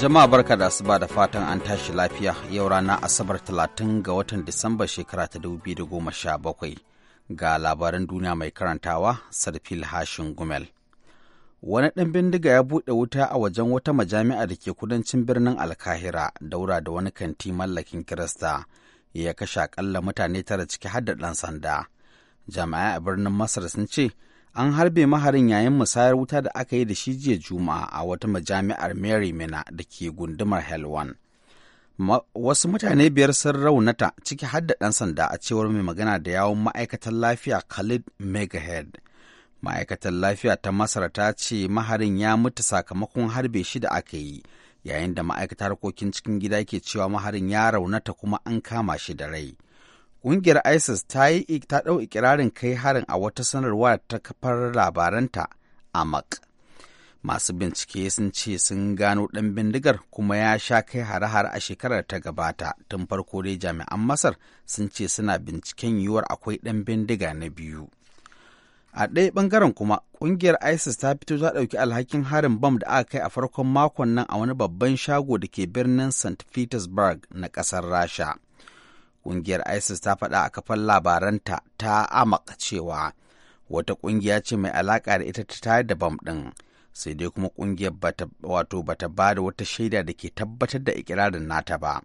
Jama'a barka da asuba da fatan an tashi lafiya yau rana Asabar 30 ga watan Disamba shekara ta 2017 ga labaran duniya mai karantawa Sarfil Hashin Gumel. Wani ɗan bindiga ya buɗe wuta a wajen wata majami'a da ke kudancin birnin Alkahira daura da wani kanti mallakin Kirista ya kashe akalla mutane tara ciki har da ɗan sanda. Jami'ai a birnin Masar sun ce an harbe maharin yayin musayar wuta da aka yi da shi jiya juma'a a wata majami'ar mary mina da ke gundumar helwan wasu mutane biyar sun raunata ciki har da ɗan sanda a cewar mai magana da yawon ma'aikatan lafiya khalid megahead ma'aikatan lafiya ta masar ta ce maharin ya mutu sakamakon harbe shi da aka yi yayin da ma'aikatar harkokin cikin gida ke cewa maharin ya raunata kuma an kama shi da rai Ƙungiyar ISIS ta yi ta ɗau ikirarin kai harin a wata sanarwa ta kafar labaranta a Mak. Masu bincike sun ce sun gano ɗan bindigar kuma ya sha kai hare-hare a shekarar ta gabata tun farko dai jami'an Masar sun ce suna binciken yiwuwar akwai ɗan bindiga na biyu. A ɗaya ɓangaren kuma ƙungiyar ISIS ta fito ta ɗauki alhakin harin bam da aka kai a farkon makon nan a wani babban shago da ke birnin St. Petersburg na ƙasar Rasha. Ƙungiyar ISIS ta faɗa a kafar labaranta ta amaka cewa wata ƙungiya ce mai alaƙa da ita ta tayar da bam ɗin. Sai dai kuma ƙungiyar wato bata ba da wata shaida da ke tabbatar da ikirarin nata ba.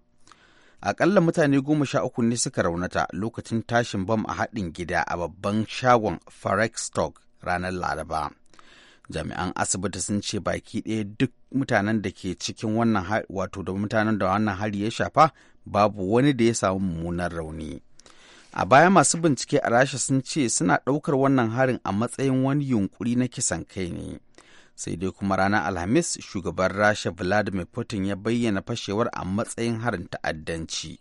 Aƙalla mutane goma sha uku ne suka raunata lokacin tashin bam a haɗin gida a babban shagon Forex Stock ranar Laraba. jami'an asibiti sun ce baki ɗaya duk mutanen da ke cikin wannan wato da mutanen da wannan hari ya shafa babu wani da ya samu mummunan rauni a baya masu bincike a rasha sun ce suna ɗaukar wannan harin a matsayin wani yunkuri na kisan kai ne sai dai kuma ranar alhamis shugaban rasha vladimir putin ya bayyana fashewar a matsayin harin ta'addanci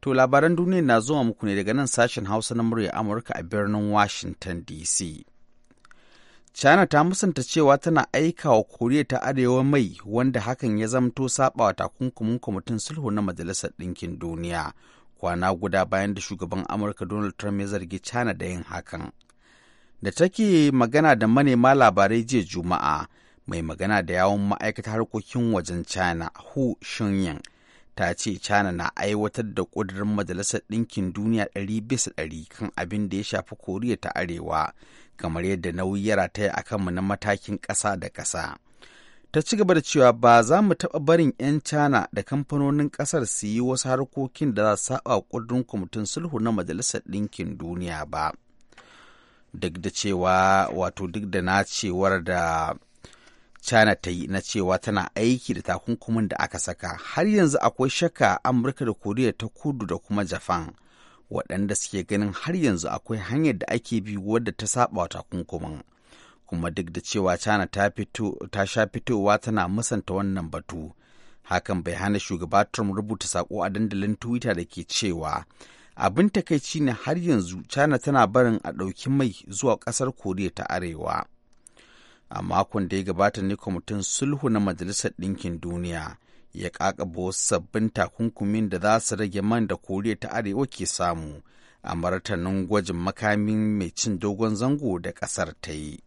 to labaran duniya na zuwa muku ne daga nan sashen hausa na murya amurka a birnin washington dc China ta musanta cewa tana aika wa Koriya ta Arewa mai wanda hakan ya zamto saɓawa takunkumin kwamitin sulhu na Majalisar Ɗinkin Duniya kwana guda bayan da shugaban Amurka Donald Trump ya zargi China da yin hakan. Da take magana da manema labarai jiya Juma'a, mai magana da yawon ma'aikatar harkokin wajen China Hu Shunying ta ce china na aiwatar da ƙudurin majalisar ɗinkin duniya ɗari ɗari kan abin da ya shafi koriya ta arewa kamar yadda nauyi ta yi a kanmu na matakin ƙasa da ƙasa ta ci gaba da cewa ba za mu taɓa barin 'yan china da kamfanonin ƙasar su yi wasu harkokin da za su saɓa ƙudurin kwamitin sulhu na majalisar ɗinkin duniya ba duk da cewa wato duk da na cewar da China ta yi na cewa tana aiki da takunkumin da aka saka har yanzu akwai shakka Amurka da Koriya ta kudu da kuma Japan waɗanda suke ganin har yanzu akwai hanyar da ake bi wadda ta saba wa takunkumin. Kuma duk da cewa China ta, fito, ta sha fitowa tana musanta wannan batu, hakan bai hana shugaba Trump rubuta sako a dandalin Twitter da ke cewa abin takaici ne har yanzu China tana barin a ɗauki mai zuwa ƙasar Koriya ta Arewa. a makon da ya gabata ne kwamitin sulhu na majalisar ɗinkin duniya ya kakaba wasu sabbin takunkumin da za su rage man da koriya ta arewa ke samu a martanin gwajin makamin mai cin dogon zango da ƙasar ta yi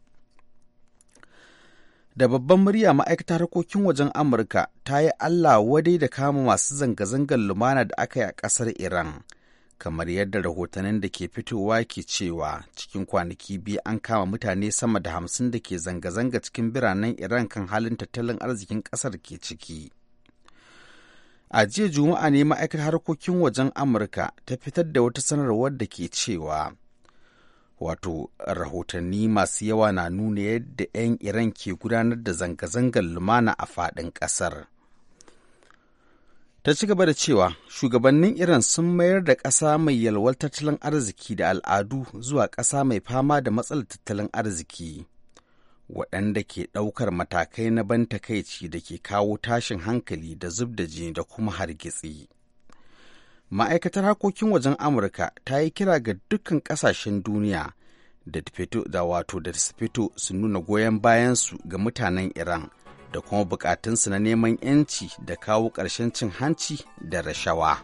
da babban murya ma'aikata harkokin wajen amurka ta yi allah wadai da kama masu zanga-zangar lumana da aka yi a ƙasar iran kamar yadda rahotannin da ke fitowa ke cewa cikin kwanaki biyu an kama mutane sama da hamsin da ke zanga-zanga cikin biranen iran kan halin tattalin arzikin kasar ke ciki a jiya juma'a ne ma'aikatar harkokin wajen amurka ta fitar da wata sanarwar da ke cewa wato rahotanni masu yawa na nuna yadda 'yan iran ke gudanar da zanga-zangar lumana a faɗin ƙasar. ta ci gaba da cewa shugabannin iran sun mayar da ƙasa mai yalwar tattalin arziki da al'adu zuwa ƙasa mai fama da matsalar tattalin arziki waɗanda ke ɗaukar matakai na ban takaici da ke kawo tashin hankali da zub da jini da kuma hargitsi ma'aikatar harkokin wajen amurka ta yi kira ga dukkan ƙasashen duniya da wato da wato da fito su nuna goyon bayansu ga mutanen iran da kuma bukatunsu na neman 'yanci da kawo ƙarshen cin hanci da rashawa.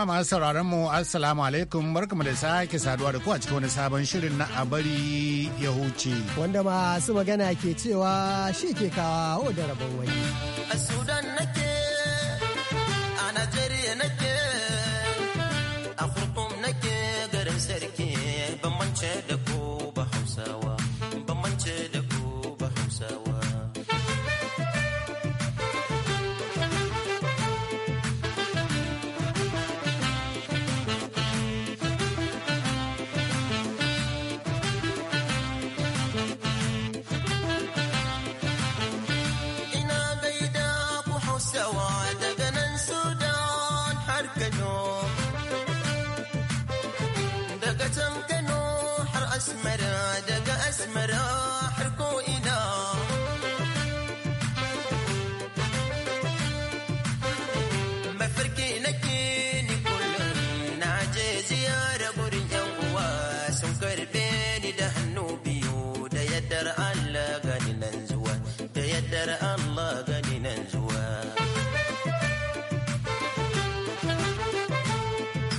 jama'a masu sauraron mu assalamu alaikum barkamu da sake saduwa da ku a cikin wani sabon shirin na a bari ya huce wanda masu magana ke cewa shi ke kawo da rabon wani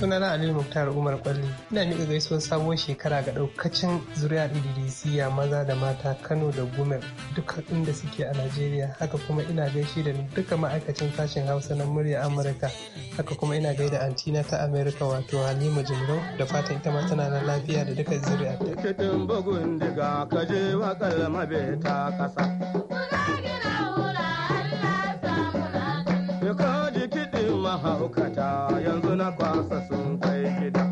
sunana ali Muktar Umar Kwalli. Ina miƙa gaisuwar sabuwar shekara ga ɗaukacin zuriyar Idrisiya maza da mata Kano da Gumel duka inda suke a Najeriya. Haka kuma ina gaishe da duka ma'aikacin sashen Hausa na murya Amurka. Haka kuma ina gaida antina ta Amerika wato Halima Jimrau da fatan ita ma tana nan lafiya da duka ta. Kitin bugun diga wa kalma ta kasa. Muna gina mahaukata yanzu na kwasa sun kai gida.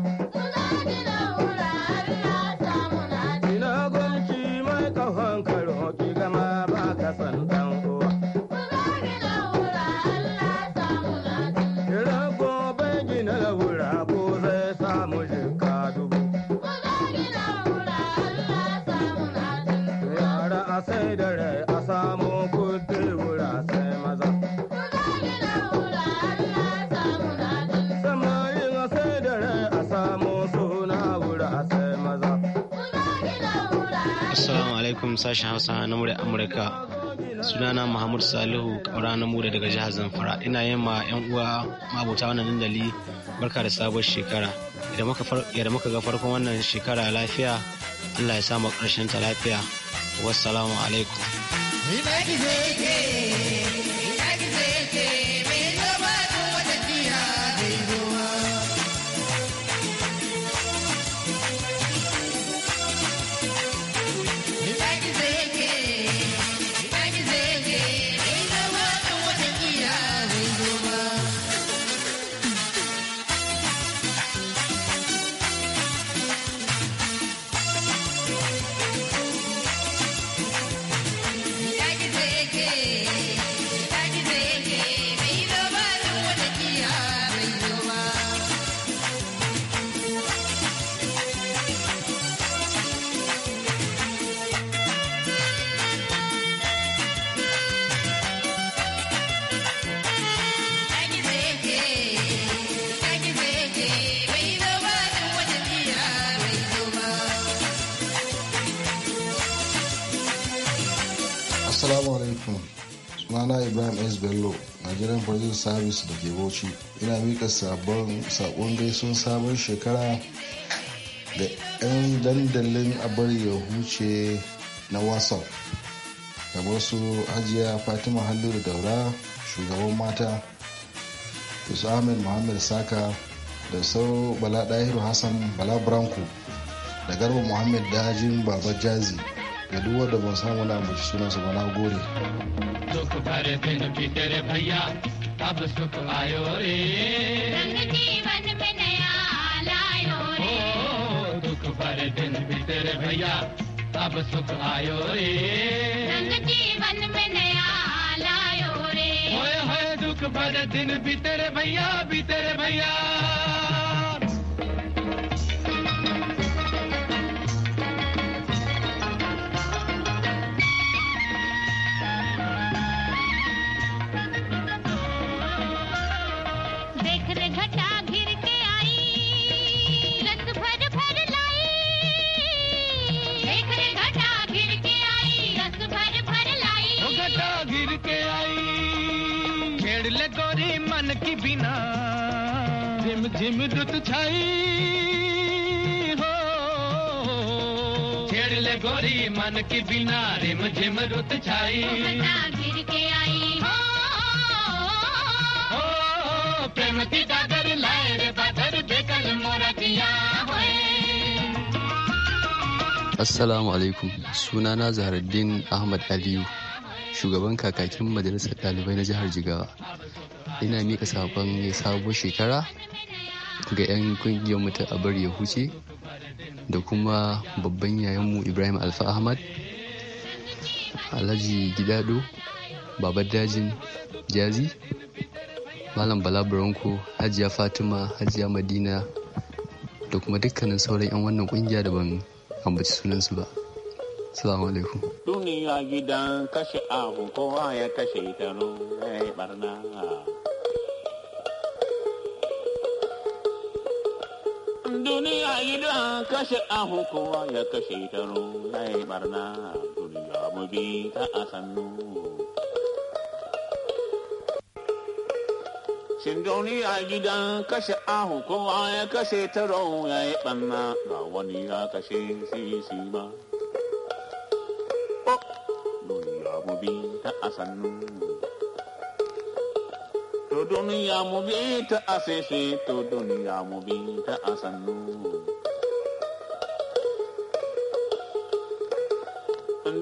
alaikum sashen hausa na murya amurka sunana muhammad salihu kamara na mura daga jihar zamfara ina yin ma yan uwa mabuta wannan dandali barka da sabuwar shekara idan muka ga farkon wannan shekara lafiya allah ya samu karshen ta lafiya wassalamu alaikum Assalamu alaikum. Sunana Ibrahim S. Bello, Nigerian Police Service da ke Bauchi. Ina mika sabon dai gaisun sabon shekara da 'yan dandalin abar ya huce na wasaf da wasu Hajiya Fatima Halliru Daura, shugaban mata, su Ahmed Muhammad Saka, da sau Bala Dahiru Hassan Bala Branko, da Garba Muhammad Dajin Baba Jazi. da duk wanda ban samu na ambaci sunansa ba na gode Duk bare bin bitere bhaiya अब सुख आयो रे रंग जीवन में नया लायो रे ओ, दुख भरे दिन भीतर भैया अब सुख आयो रे रंग जीवन में नया लायो रे ओए होए दुख भरे दिन भीतर भैया भीतर भैया की बिना झिम झिम दुत छाई हो छेड़ ले गोरी मन की बिना रिम झिम रुत छाई गिर के आई हो, प्रेम की दादर लाए रे बादर बेकल मोरा जिया Assalamu alaikum sunana Zaharaddin Ahmad Aliyu shugaban kakakin majalisar ɗalibai na jihar Jigawa ina mika sabon sabon shekara ga 'yan kungiyar mutu a bar ya huce da kuma babban yayanmu ibrahim alfa ahmad alhaji gidado babar dajin jazi malam bala hajiya fatima hajiya madina da kuma dukkanin sauran 'yan wannan kungiya da ban ambaci sunansu ba salamu alaikum duniya gidan kashe abu kowa ya kashe ita yi barna gidan kashe ahu kowa ya kashe ta rurai barna duniya mu bi ta a sannu. Shin a gidan kashe ahu kowa ya kashe taro ya yi barna ba wani ya kashe sisi ba. Duniya mu bi ta a sannu. to duniya mu bi ta asese to duniya mu bi ta asannu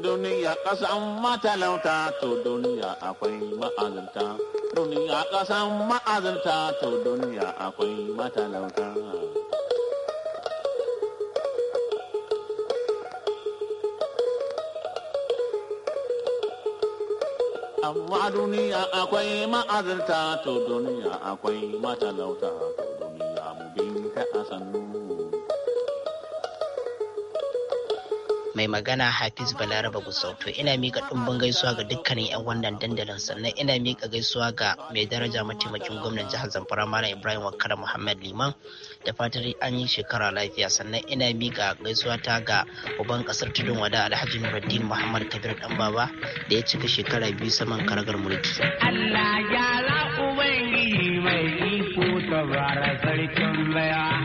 duniya kasan matalauta to duniya akwai ma'azanta duniya kasan ma'azanta to duniya akwai matalauta amma duniya akwai ma'azarta to duniya akwai matalauta to duniya mu binta a sannu mai magana hafiz balaraba gusautu ina mika ɗimbin gaisuwa ga dukkanin yan wannan dandalin sannan ina mika gaisuwa ga mai daraja mataimakin gwamnan jihar zamfara malam ibrahim wakara muhammad liman da fatar an yi shekara lafiya sannan ina mika gaisuwa ta ga uban kasar tudun wada alhaji nuruddin muhammad kabir dan baba da ya cika shekara biyu saman karagar mulki allah ya ubangiji mai iko tabara sarkin bayan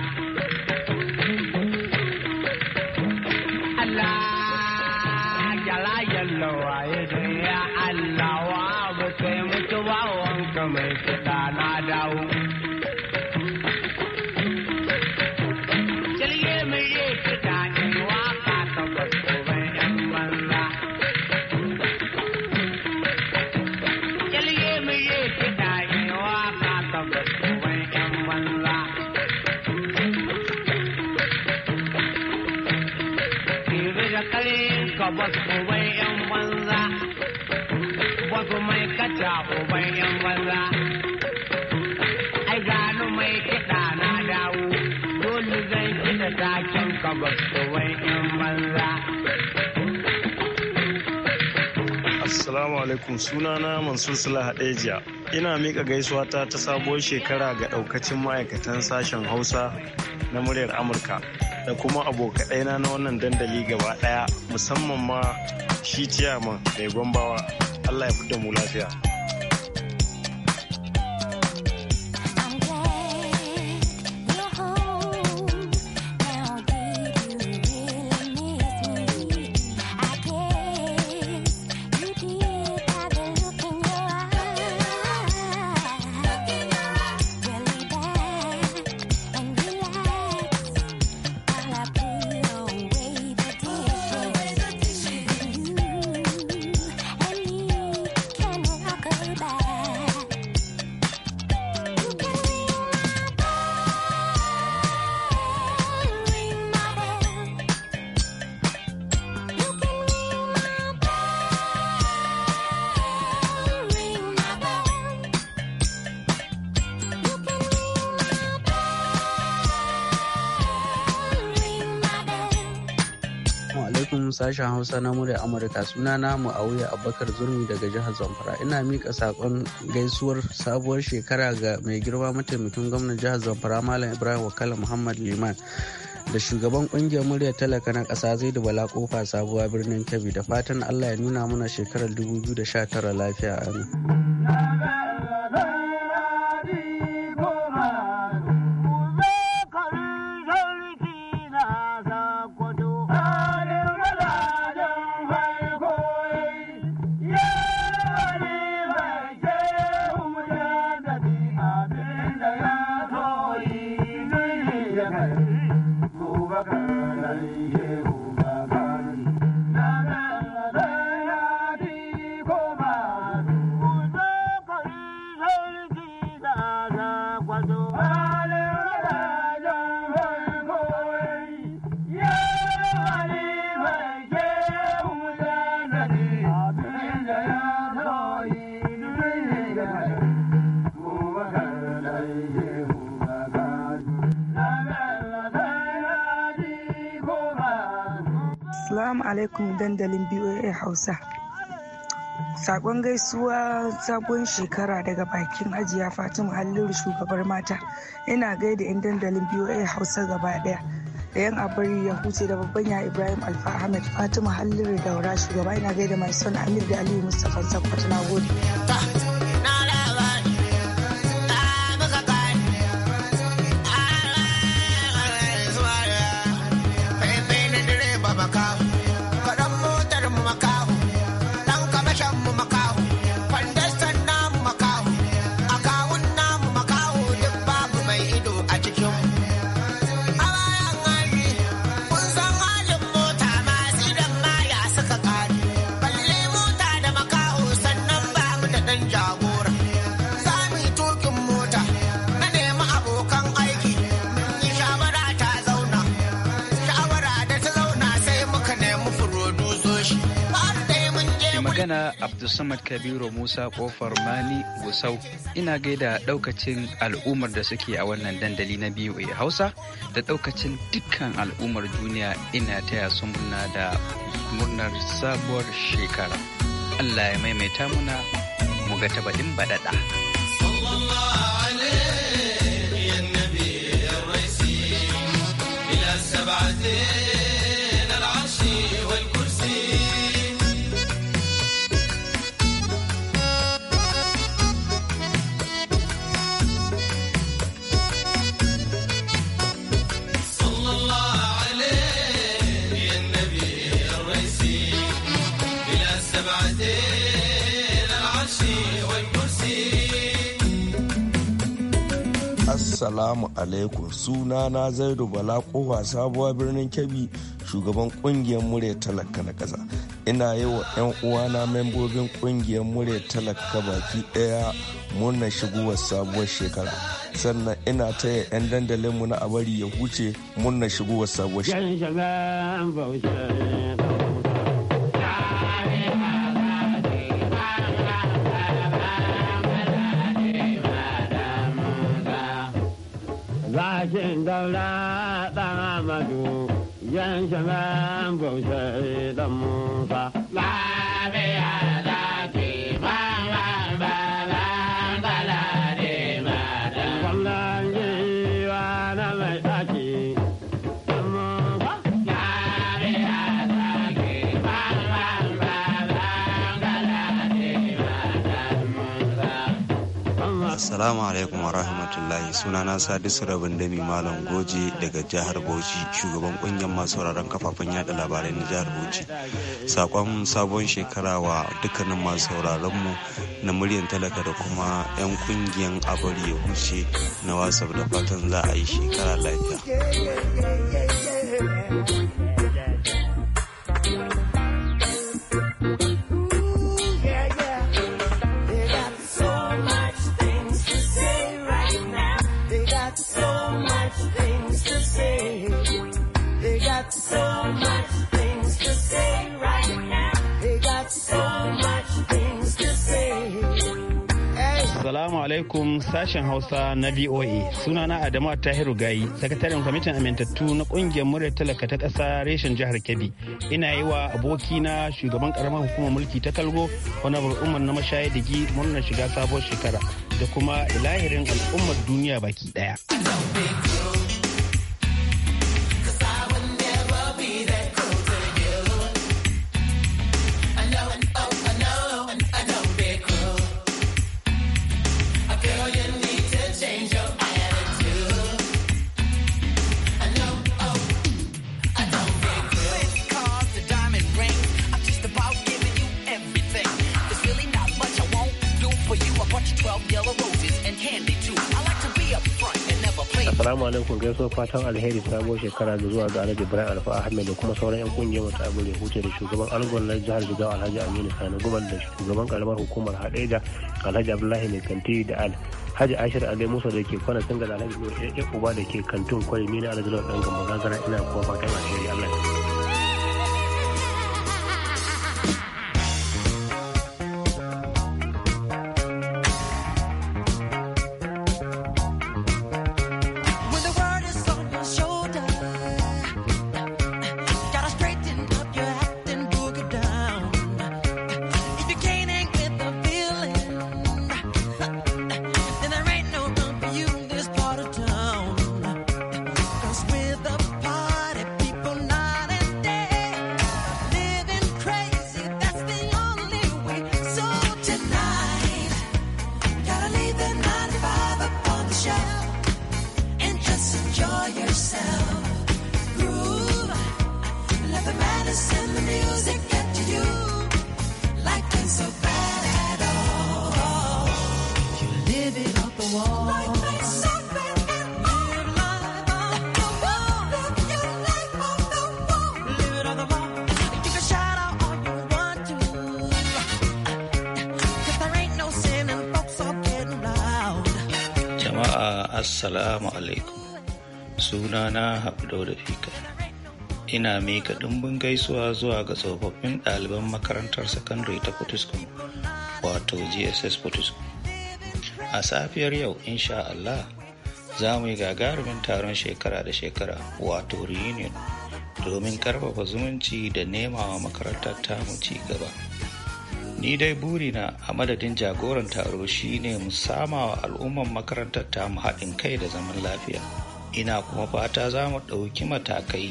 uban yan maza ai gano kiɗa na dawo dole zan kiɗa takin kabas yan maza alaikum sunana Mansur Sula Hadejiya. Ina mika gaisuwa ta ta sabuwar shekara ga ɗaukacin ma'aikatan sashen Hausa na muryar Amurka da kuma abokaɗaina na wannan dandali gaba ɗaya musamman ma shi ciyaman mai gwambawa. Allah ya fita mu lafiya. sashen Hausa na murya Amurka suna na a Abubakar Zurmi daga jihar Zamfara. Ina mika sakon gaisuwar sabuwar shekara ga mai girma mataimakin gwamnan jihar Zamfara Malam Ibrahim Wakala Muhammad Liman. da shugaban kungiyar murya talaka na kasa zai da bala kofa sabuwa birnin kebbi da fatan allah ya nuna mana shekarar 2019 lafiya amin. hausa sakon gaisuwa sabon shekara daga bakin ajiya fatima halliru shugabar mata yana gaida 'yan dandalin boa hausa gaba daya da yan abari ya huce da babban ya ibrahim alfa ahmed fatima halliru daura shugaba yana gaida mai son amir da aliyu mustapha sakwata na gode magana Abdulsamad Kabiru Musa Kofar Mani Gusau ina gaida daukacin al'ummar da suke a wannan dandali na biyu Hausa da daukacin dukkan al'ummar duniya ina taya su murna da murnar sabuwar shekara. Allah ya maimaita muna mu ga tabadin baɗaɗa. Assalamu alaikum suna na Zaidu Bala kowa sabuwa birnin Kebbi shugaban kungiyar murya talaka na kasa Ina yi wa 'yan uwana membobin kungiyar murya talaka baki ɗaya murnar shigowar sabuwar shekara. Sannan ina taya 'yan dandalinmu na abari ya huce murnar shigowar sabuwar shekara. kashin daura amadu yan shagan dan musa. Lafiya Assalamu alaikum wa rahmatullahi sunana Sadisu Rabin Dami Malam Goje daga jihar Bauchi shugaban kungiyar masu sauraron kafafen yada labarai na jihar Bauchi. Sakon sabon shekara wa dukkanin masu sauraron mu na muryan talaka da kuma 'yan kungiyar abar ya huce na wasa da fatan za a yi shekara lafiya. alaikum sashen Hausa na VOA. suna na Adamu Tahiru Gayi, sakataren kwamitin amintattu na kungiyar murya talaka ta ƙasa reshen jihar Kebbi. Ina yi wa abokina shugaban karamar hukumar mulki ta Kalgo, wani al'ummar na mashaya digi murnar shiga sabuwar shekara da kuma ilahirin al'ummar duniya baki daya. Assalamu alaikum gaisuwar fatan alheri sabuwar shekara da zuwa ga Alhaji Ibrahim Alfa Ahmed da kuma sauran 'yan kungiyar mata abu huce da shugaban algon na jihar Jigawa Alhaji Aminu Sani Gumal da shugaban karamar hukumar da Alhaji Abdullahi Mai Kanti da Al Haji Ashir Ali Musa da ke kwana sun ga Alhaji Uba da ke kantun kwari ni na Alhaji Lawal Dangan Magagara ina kuma fatan alheri Allah Assalamu alaikum. Sunana haɗu da Fika. Ina mika ɗumbin gaisuwa zuwa ga tsofaffin ɗaliban makarantar sakandare ta Potiskum, wato GSS Potiskum. A safiyar yau, insha Allah, za mu yi gagarumin taron shekara da shekara, wato reunion, domin karfafa zumunci da nemawa makarantar tamu ci gaba. ni dai burina a madadin jagoran taro shine mu sama wa al'umman makarantar ta mu haɗin kai da zaman lafiya ina kuma fata za mu ɗauki matakai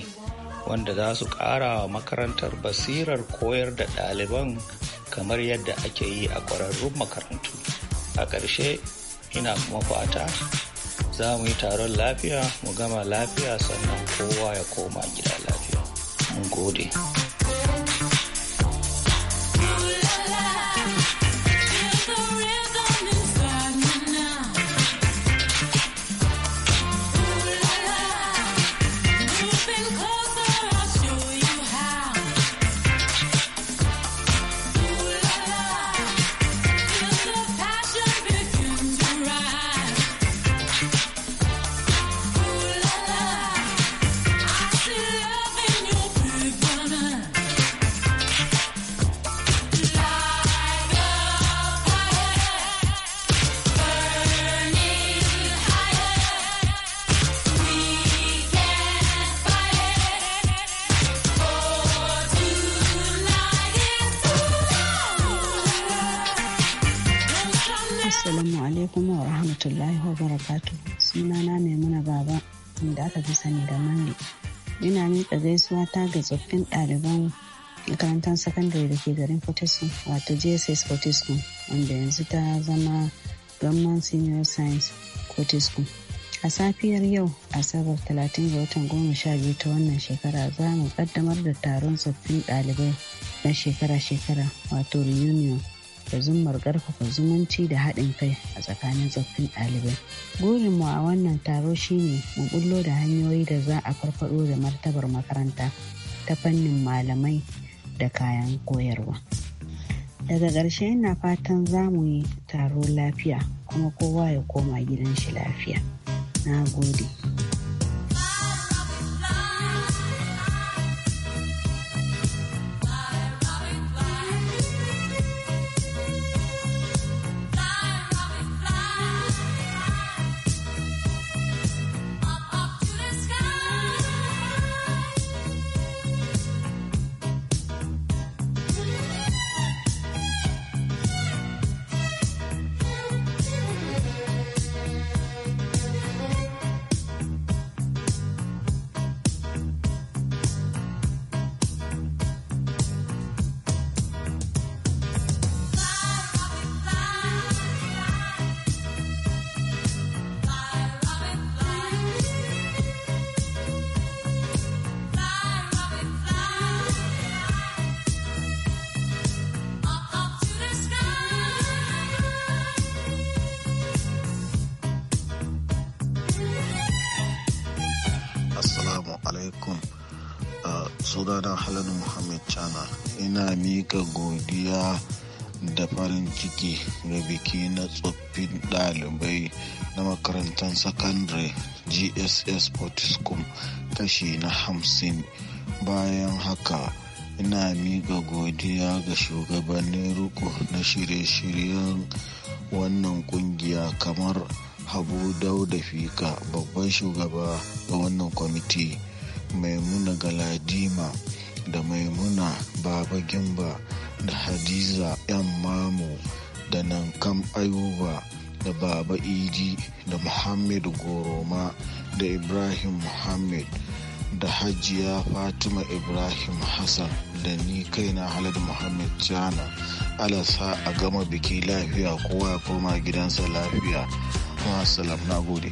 wanda za su ƙara wa makarantar basirar koyar da ɗaliban kamar yadda ake yi a ƙwararrun makarantu a ƙarshe ina kuma fata za mu yi taron lafiya mu gama lafiya sannan kowa ya koma gida lafiya mun gode. alaikum wa rahmatullahi wa barakatu sunana maimuna baba inda aka fi sani da mani. ina miƙa gaisuwa ta ga tsoffin ɗaliban makarantar sakandare da ke garin fortescue wato jss fortescue wanda yanzu ta zama gamman senior science fortescue a safiyar yau asabar 30 ga watan goma sha biyu ta wannan shekara za mu kaddamar da taron tsoffin ɗalibai na shekara-shekara wato reunion da zummar ƙarfafa zumunci da haɗin kai a tsakanin tsoffin ɗalibai. Gurinmu a wannan taro shine mu bullo da hanyoyi da za a farfaɗo da martabar makaranta ta fannin malamai da kayan koyarwa. Daga ƙarshe ina fatan za mu yi taro lafiya kuma kowa ya koma gidan shi lafiya. Na gode. sunana halin Muhammad Chana. Ina mika godiya da farin ciki ga biki na tsoffin ɗalibai na makarantar secondary GSS Potiskum kashi na hamsin. Bayan haka ina mika godiya ga shugabannin ruku na shirye-shiryen wannan kungiya kamar Habu Dauda Fika babban shugaba ga wannan kwamiti. maimuna galadima da maimuna baba gimba da hadiza yan mamu da nankam ayuba da baba idi da muhammad goroma da ibrahim muhammad da hajiya fatima ibrahim hassan da ni kai na halad muhammad jana alasa a gama biki lafiya kowa ya koma gidansa lafiya kuma salam na gode.